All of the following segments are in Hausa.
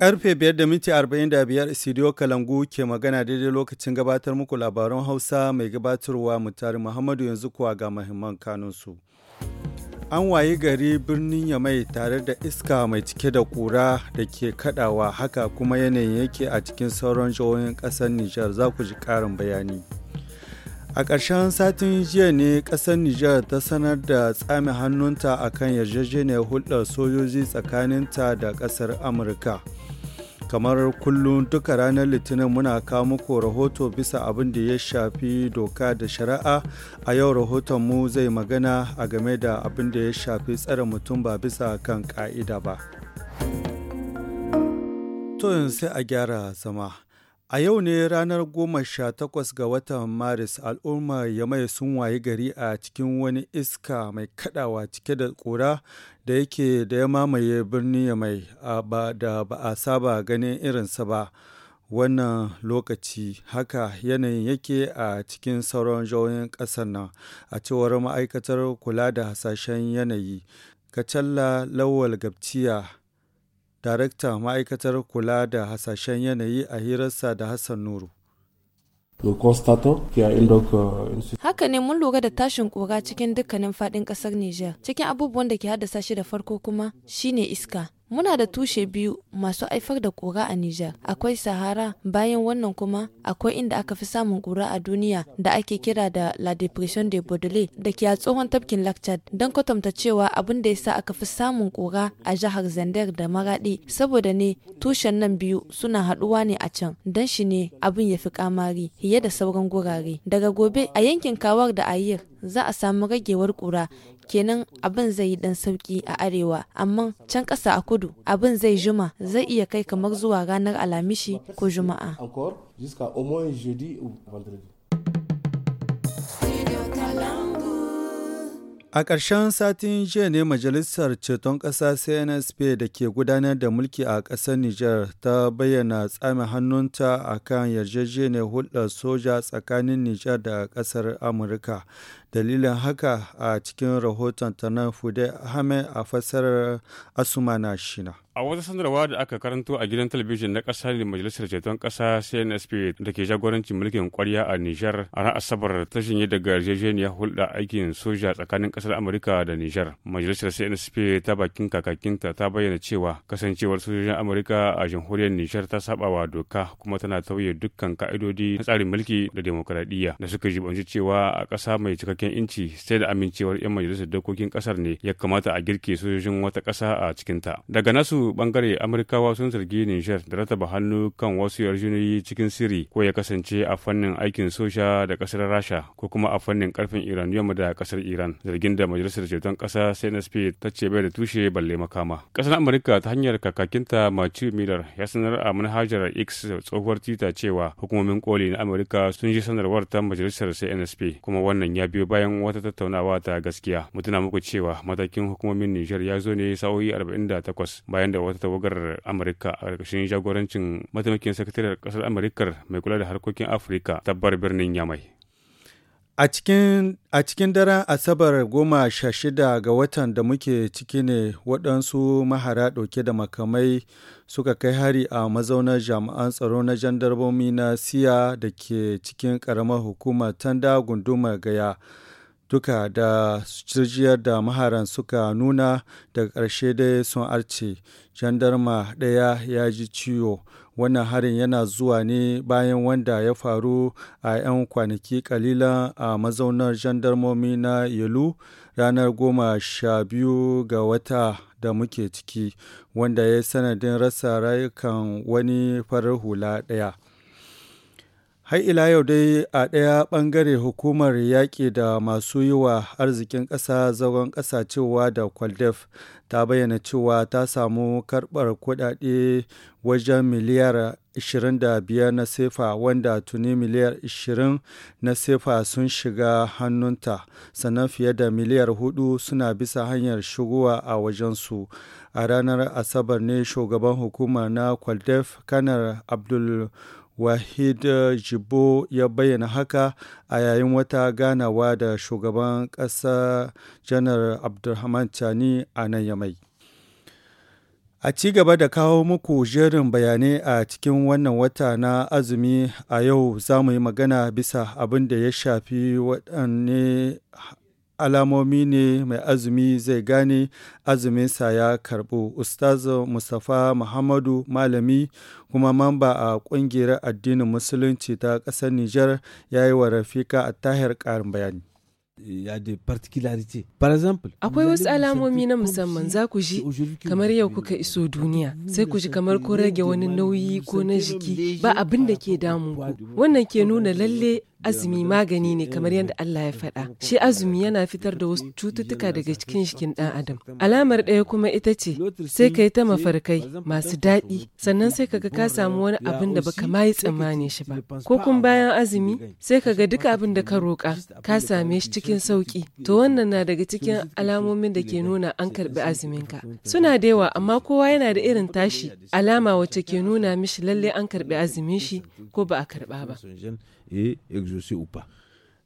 Karfe biyar da minti arba'in da Kalangu ke magana daidai lokacin gabatar muku labaran Hausa mai gabatarwa Mutari Muhammadu yanzu kuwa ga mahimman kanunsu. An wayi gari birnin Yamai tare da iska mai cike da kura da ke kadawa haka kuma yanayin yake a cikin sauran jihohin kasar Nijar za ku ji ƙarin bayani. A ƙarshen satin jiya ne ƙasar Nijar ta sanar da tsami hannunta a kan yarjejeniyar hulɗar sojoji tsakaninta da ƙasar Amurka. kamar kullum duka ranar litinin muna kawo muku rahoto bisa abin da ya shafi doka da shari'a a yau rahoton mu zai magana a game da abin da ya shafi tsare mutum ba bisa kan ka'ida ba to yanzu sai a gyara zama A yau ne ranar goma sha takwas ga watan Maris al'ummar mai sun wayi gari a cikin wani iska mai kadawa cike da ƙura da yake da ya mamaye birnin mai, da ba a saba ganin irinsa ba. Wannan lokaci haka yanayin yake a cikin sauran jihohin ƙasar nan a cewar ma'aikatar kula da hasashen yanayi. Kacalla Lawal Gabciya daraktan ma'aikatar kula da hasashen yanayi a hirarsa da Hassan Nuru. Euh, Haka ne mun lura da tashin kura cikin dukkanin faɗin ƙasar Nijar. Cikin abubuwan da ke haddasa shi da farko kuma shine iska. Muna da tushe biyu masu haifar da kura a Nijar. Akwai Sahara, bayan wannan kuma akwai inda aka fi samun kura a duniya da ake kira da La Depression de Baudelaire da ke a tsohon tafkin Lakchad. Don kwatanta cewa abin da ya sa aka fi samun kura a jihar Zandar da Maradi saboda ne tushen nan biyu suna haɗuwa ne a can. Don shi ne abin ya fi kamari fiye da sauran gurare. Daga gobe a yankin Kawar da Ayir za a samu ragewar kura kenan abin zai yi dan sauki a arewa amma can ƙasa a kudu abin zai juma zai iya kai kamar zuwa ranar alamishi ko juma'a A ƙarshen satin jiya ne Majalisar Ceton Ƙasa CNSP da ke gudanar da mulki a ƙasar Nijar ta bayyana tsamin hannunta a kan yarjejeniyar hulɗar soja tsakanin Nijar da ƙasar Amurka dalilin haka a cikin rahoton ta na fude hame a fassarar asumana shina a wata sanarwa da aka karanto a gidan talabijin na kasa ne majalisar ceton kasa cnsp da ke jagorancin mulkin kwarya a nijar a ran asabar ta shinye daga yarjejeniyar hulɗa aikin soja tsakanin kasar amurka da nijar majalisar cnsp ta bakin kakakinta ta bayyana cewa kasancewar sojojin amurka a jamhuriyar nijar ta saba wa doka kuma tana tauye dukkan ka'idodi na tsarin mulki da demokaradiyya da suka jibanci cewa a kasa mai cikakken cikakken inci sai da amincewar 'yan majalisar dokokin kasar ne ya kamata a girke sojojin wata ƙasa a cikinta. Daga nasu bangare Amurkawa sun zargi niger da rataba hannu kan wasu yarjinoyi cikin sirri ko ya kasance a fannin aikin soja da kasar Rasha ko kuma a fannin karfin Iran yamma da ƙasar Iran. Zargin da majalisar ceton ƙasa CNSP ta ce bai da tushe balle makama. Ƙasar Amurka ta hanyar kakakinta Matthew Miller ya sanar a manhajar X tsohuwar twitter cewa hukumomin koli na Amurka sun ji sanarwar ta majalisar CNSP kuma wannan ya biyo bayan wata tattaunawa ta gaskiya mu tuna muku cewa matakin hukumomin Nijar ya zo ne sa'o'i 48 bayan da wata tawagar Amurka a ƙarƙashin jagorancin mataimakin sakataren ƙasar Amurka mai kula da harkokin Afirka tabbar birnin Yamai. A cikin, daren Asabar goma sha shida ga watan da muke ciki ne waɗansu mahara ɗauke da makamai suka kai hari a mazaunar jami'an tsaro na jandarbomi na siya da ke cikin ƙaramar hukumar tanda Gunduma gaya. Duka da jirgiyar da maharan suka nuna daga ƙarshe dai sun arce, jandarma ɗaya ya ji ciwo wannan harin yana zuwa ne bayan wanda ya faru a 'yan kwanaki kalilan a mazaunar jandarmomi na yalu ranar goma sha biyu ga wata da muke ciki wanda ya sanadin rasa rayukan wani farar hula ɗaya Har ila yau dai a ɗaya ɓangare hukumar yaƙi da masu yi wa arzikin ƙasa zagon ƙasa cewa da Kwaldef ta bayyana cewa ta samu karɓar kuɗaɗe wajen miliyar 25 na sefa wanda tuni miliyar 20 na sefa sun shiga hannunta sannan fiye da miliyar 4 suna bisa hanyar shigowa a wajen su, a ranar asabar ne shugaban hukumar na kwaldef kanar abdul wahid eh, jibo ya bayyana haka a yayin wata ganawa da shugaban ƙasa janar abdulrahman tani a nan yamai a ci gaba da kawo muku jerin bayanai a cikin wannan wata na azumi a yau za mu yi magana bisa abin da ya shafi waɗanne alamomi ne mai azumi zai gane azuminsa ya karɓo ustaz mustapha muhammadu malami kuma mamba a ƙungiyar addinin musulunci ta ƙasar niger ya yi wa rafika a tahir ƙarin bayani akwai wasu alamomi na musamman za ku ji kamar yau kuka iso duniya sai ku ji kamar ko rage wani nauyi ko na jiki ba abin da ke damun ku wannan ke nuna lalle azumi magani ne kamar eh, yadda Allah ya faɗa shi azumi yana fitar da wasu cututtuka daga cikin jikin ɗan adam alamar ɗaya kuma ita ce sai ka yi ta mafarkai masu daɗi sannan sai kaga ka samu wani abin da baka ma yi tsammani shi ba ko kun bayan azumi sai kaga duka abin da ka roƙa ka same shi cikin sauƙi to wannan na daga cikin alamomin da ke nuna an karɓi azuminka suna da yawa amma kowa yana da irin tashi alama wacce ke nuna mishi lallai an karɓi azumin shi ko ba a karɓa ba e exaucé ou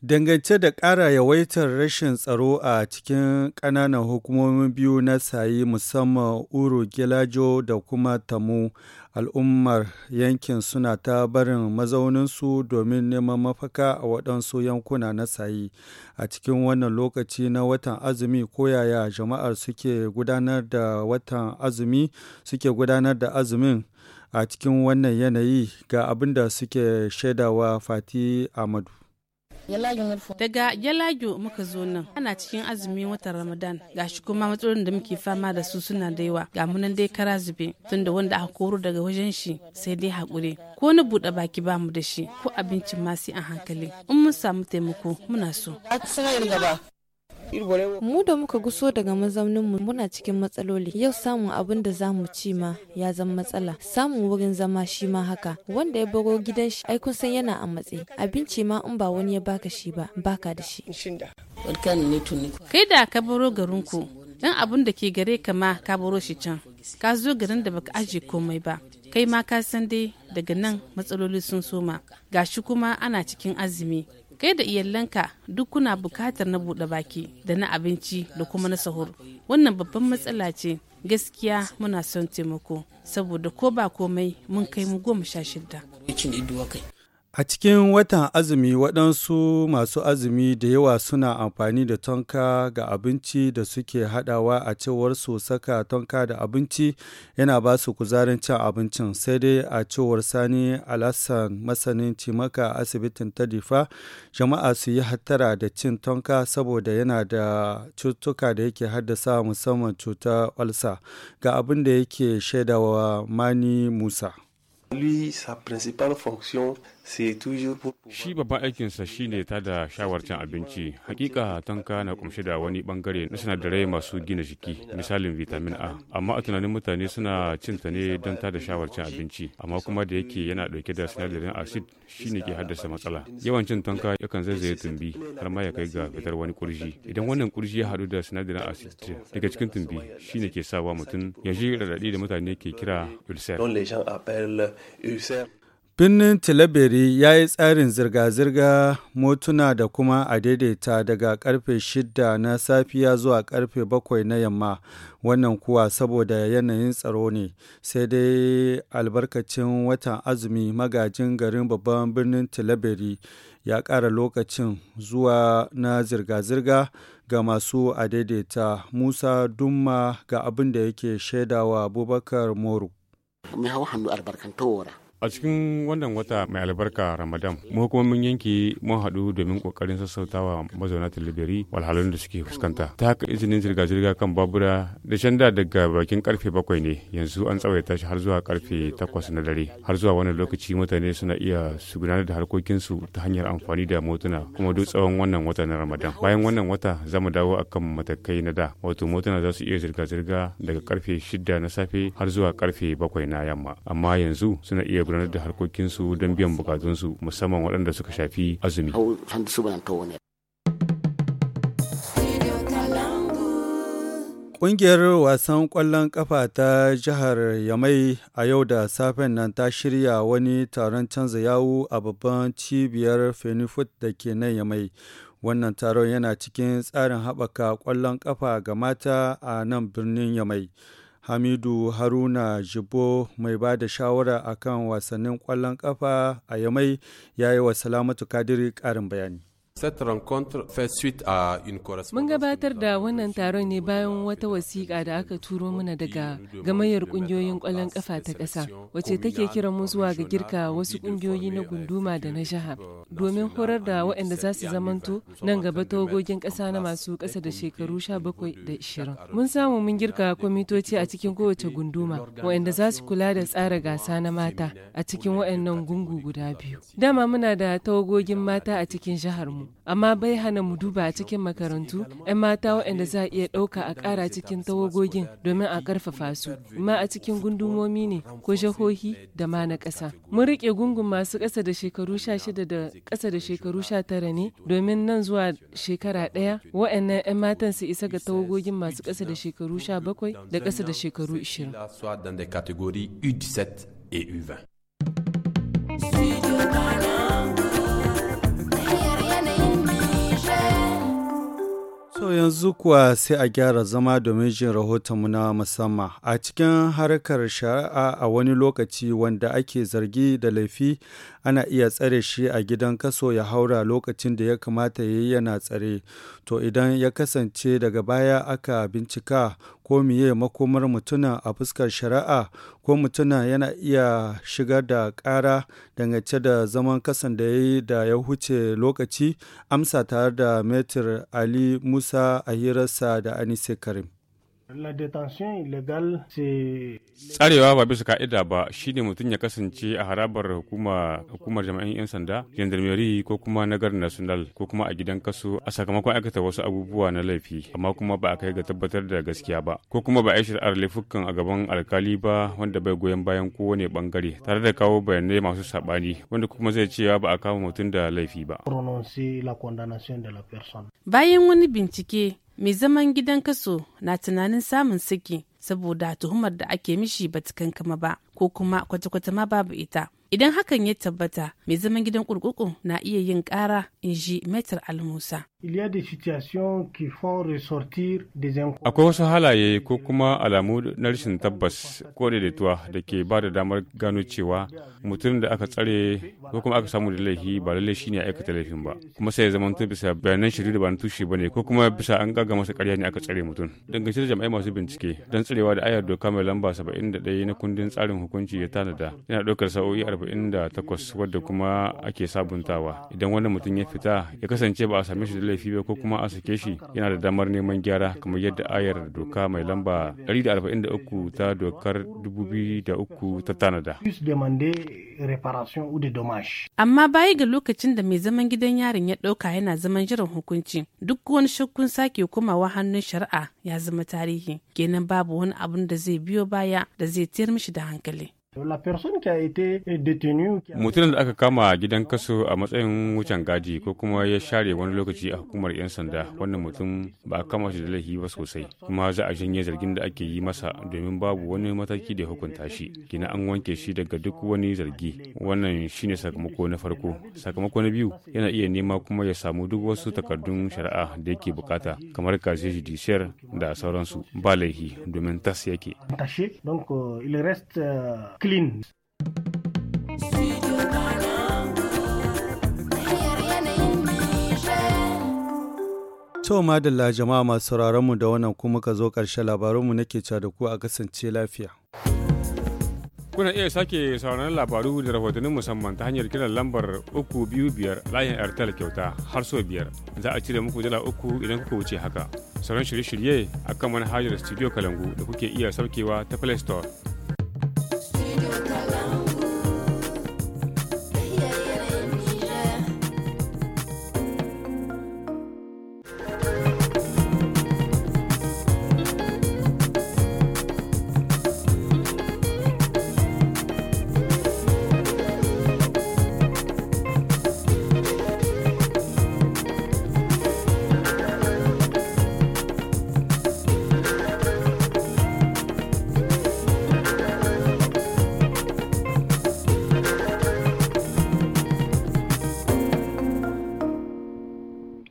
Dangance da ƙara yawaitar rashin tsaro a cikin ƙananan hukumomin biyu na sayi musamman Uru Gilajo da kuma Tamu, al'ummar yankin suna ta barin mazauninsu domin neman mafaka a waɗansu yankuna na sayi. A cikin wannan lokaci na watan azumi koyaya jama'ar suke gudanar da watan azumi suke gudanar da azumin. a cikin wannan yanayi ga abin da suke shaidawa fati amadu Daga Yalajo muka zo nan ana cikin azumi watan Ramadan ga shi kuma matsalolin da muke fama da su suna da yawa ga munan dai kara zube tunda wanda aka koro daga wajen shi sai dai hakuri ko na buɗe baki ba mu da shi ko abincin ma sai a hankali in mun samu taimako muna so. Mu da muka guso daga mazauninmu muna cikin matsaloli. Yau samun abin da zamu ci ma ya zama matsala. Samun wurin zama shi ma haka. Wanda ya baro gidan shi ai kun san yana a matse. Abinci ma in ba wani ya baka shi ba, baka da shi. Kai da ka baro garinku, dan abin da ke gare ka ma ka baro shi can. Ka zo garin da baka aje komai ba. Kai ma ka san dai daga nan matsaloli sun soma. Gashi kuma ana cikin azumi. kai da iyalanka duk kuna bukatar na buɗe baki da na abinci da kuma na sahur wannan babban matsala ce gaskiya muna son taimako saboda ko ba komai mun kai mu goma sha shida A cikin watan azumi waɗansu masu azumi da yawa suna amfani da tonka ga abinci da suke haɗawa a cewar su saka tonka da abinci yana ba su kuzarin cin abincin sai dai a cewar sani alassan masanin cimaka asibitin Tadifa, jama'a su yi hattara da cin tonka saboda yana da cutuka da yake haddasa musamman cutar olsa ga abin da yake shaidawa mani musa. Lui, sa principale fonction, Shi babban aikinsa shi ne ta da shawarcin abinci. Hakika tanka na kumshi da wani bangare na sinadarai masu gina jiki, misalin vitamin A. Amma a tunanin mutane suna cinta ne don ta da shawarcin abinci, amma kuma da yake yana dauke da sinadarin acid shi ne ke haddasa matsala. Yawan cin tanka yakan zaizaye tumbi har ma ya kai ga fitar wani kurji. Idan wannan kurji ya haɗu da sinadarin acid daga cikin tumbi shi ne ke sawa mutum ya ji raɗaɗi da mutane ke kira ulcer. Birnin Tilaberi ya yi tsarin zirga-zirga motuna da kuma a daidaita daga karfe 6 na safiya zuwa karfe bakwai na yamma, wannan kuwa saboda yanayin tsaro ne, sai dai albarkacin watan azumi magajin garin babban birnin Tilaberi ya ƙara lokacin zuwa na zirga-zirga ga masu a daidaita Musa Dumma ga abin da yake shaidawa Abubakar Moru. A cikin wannan wata mai albarka Ramadan, mu hukumomin yanki mun haɗu domin ƙoƙarin sassautawa mazauna Tilibiri walhalun da suke fuskanta. Ta haka izinin zirga-zirga kan babura da shanda daga bakin karfe bakwai ne, yanzu an tsawaita shi har zuwa karfe takwas na dare. Har zuwa wannan lokaci mutane suna iya su gudanar da harkokinsu ta hanyar amfani da motuna kuma duk tsawon wannan wata na Ramadan. Bayan wannan wata za mu dawo akan matakai na da, wato motuna za su iya zirga-zirga daga karfe shida na safe har zuwa karfe bakwai na yamma. Amma yanzu suna iya gudanar da harkokinsu don biyan bukatunsu musamman waɗanda suka shafi azumi. Ƙungiyar wasan ƙwallon ƙafa ta jihar Yamai a yau da safen nan ta shirya wani taron canza yawu a babban cibiyar Fenifut da ke nan Yamai. Wannan taron yana cikin tsarin haɓaka ƙwallon ƙafa ga mata a nan birnin Yamai. Hamidu Haruna Jibo mai ba da shawara akan wasannin kwallon kafa a Yamai ya yi wa Salamatu Kadiri ƙarin bayani. Mun gabatar da wannan taron ne bayan wata wasiƙa da aka turo mana daga gamayyar ƙungiyoyin ƙwallon ƙafa ta ƙasa, wacce take kiran mu zuwa ga girka wasu ƙungiyoyi na gunduma da na jiha domin horar da waɗanda za su zamanto nan gaba tawagogin ƙasa na masu ƙasa da shekaru sha bakwai da ishirin. Mun samu mun girka kwamitoci a cikin kowace gunduma waɗanda za su kula da tsara gasa na mata a cikin waɗannan gungu guda biyu. Dama muna da tawagogin mata a cikin jiharmu amma bai hana mu duba a cikin makarantu 'yan mata waɗanda za a iya ɗauka a ƙara cikin tawagogin domin a ƙarfafa su ma a cikin gundumomi ne ko jahohi da ma na ƙasa mun riƙe gungun masu ƙasa da shekaru shida da ƙasa da shekaru tara ne domin nan zuwa shekara ɗaya waɗannan 'yan matan su isa ga tawagogin masu ƙasa da shekaru bakwai da ƙasa da shekaru 20 et U20. To yanzu kuwa sai a gyara zama domin jin rahotonmu na musamman a cikin harkar shari'a a wani lokaci wanda ake zargi da laifi ana iya tsare shi a gidan kaso ya haura lokacin da ya kamata ya yi yana tsare. To idan ya kasance daga baya aka bincika ko miye makomar mutuna a fuskar shari'a ko mutuna yana iya shigar da ƙara dangance da zaman kasan da ya yi da ya huce lokaci amsa tare da metir ali musa a hirarsa da anise karim Tsarewa ba bisa ka'ida ba shi ne mutum ya kasance a harabar hukumar jama'in 'yan sanda, gendarmerie ko kuma na gar national ko kuma a gidan kaso a sakamakon aikata wasu abubuwa na laifi amma kuma ba a kai ga tabbatar da gaskiya ba ko kuma ba a yi shari'ar laifukan a gaban alkali ba wanda bai goyon bayan kowane bangare tare da kawo bayanai masu saɓani wanda kuma zai cewa ba a kama mutum da laifi ba. Bayan wani bincike mai zaman gidan kaso na tunanin samun saki saboda tuhumar da ake mishi ba ta kankama ba ko kuma kwata-kwata ma babu ita idan hakan ya tabbata mai zaman gidan kurkuku na iya yin kara in ji metar almusa akwai wasu halaye ko kuma alamu na rashin tabbas ko daidaituwa da ke ba da damar gano cewa mutum da aka tsare ko kuma aka samu da laifi ba lallai shi ne aikata laifin ba kuma sai ya zama bisa bayanan shiri da ba na tushe ba ne ko kuma bisa an gaga masa karya ne aka tsare mutum dangance da jami'ai masu bincike don tsare karewa da ayar doka mai lamba 71 na kundin tsarin hukunci ya tanada yana ɗaukar sa'o'i 48 wadda kuma ake sabuntawa idan wani mutum ya fita ya kasance ba a same shi da laifi ba ko kuma a sake shi yana da damar neman gyara kamar yadda ayar doka mai lamba 143 ta dokar 2003 ta tanada. Amma baya ga lokacin da mai zaman gidan yarin ya ɗauka yana zaman jiran hukunci duk wani shakkun sake komawa hannun shari'a ya zama tarihi kenan babu wani wani abun da zai biyo baya da zai tiyar mishi da hankali Mutumin da aka kama gidan kaso a matsayin wucin gadi ko kuma ya share wani lokaci a hukumar 'yan sanda wannan mutum ba a kama shi da laifi ba sosai kuma za a janye zargin da ake yi masa domin babu wani mataki da hukunta shi kina an wanke shi daga duk wani zargi wannan shine sakamako na farko sakamako na biyu yana iya nema kuma ya samu duk wasu takardun shari'a da yake bukata kamar kaze judiciar da sauransu ba laifi domin tas yake. Euh, clean To madalla jama'a masu mu da wannan kuma ka zo ƙarshe mu nake ca da ku a kasance lafiya. Kuna iya sake sauraron labaru da rahotannin musamman ta hanyar kiran lambar 325 layin Airtel kyauta har so biyar. Za a cire muku dala uku idan kuka wuce haka. Sauran shirye-shirye a kan manhajar Studio Kalangu da kuke iya saukewa ta Play Store.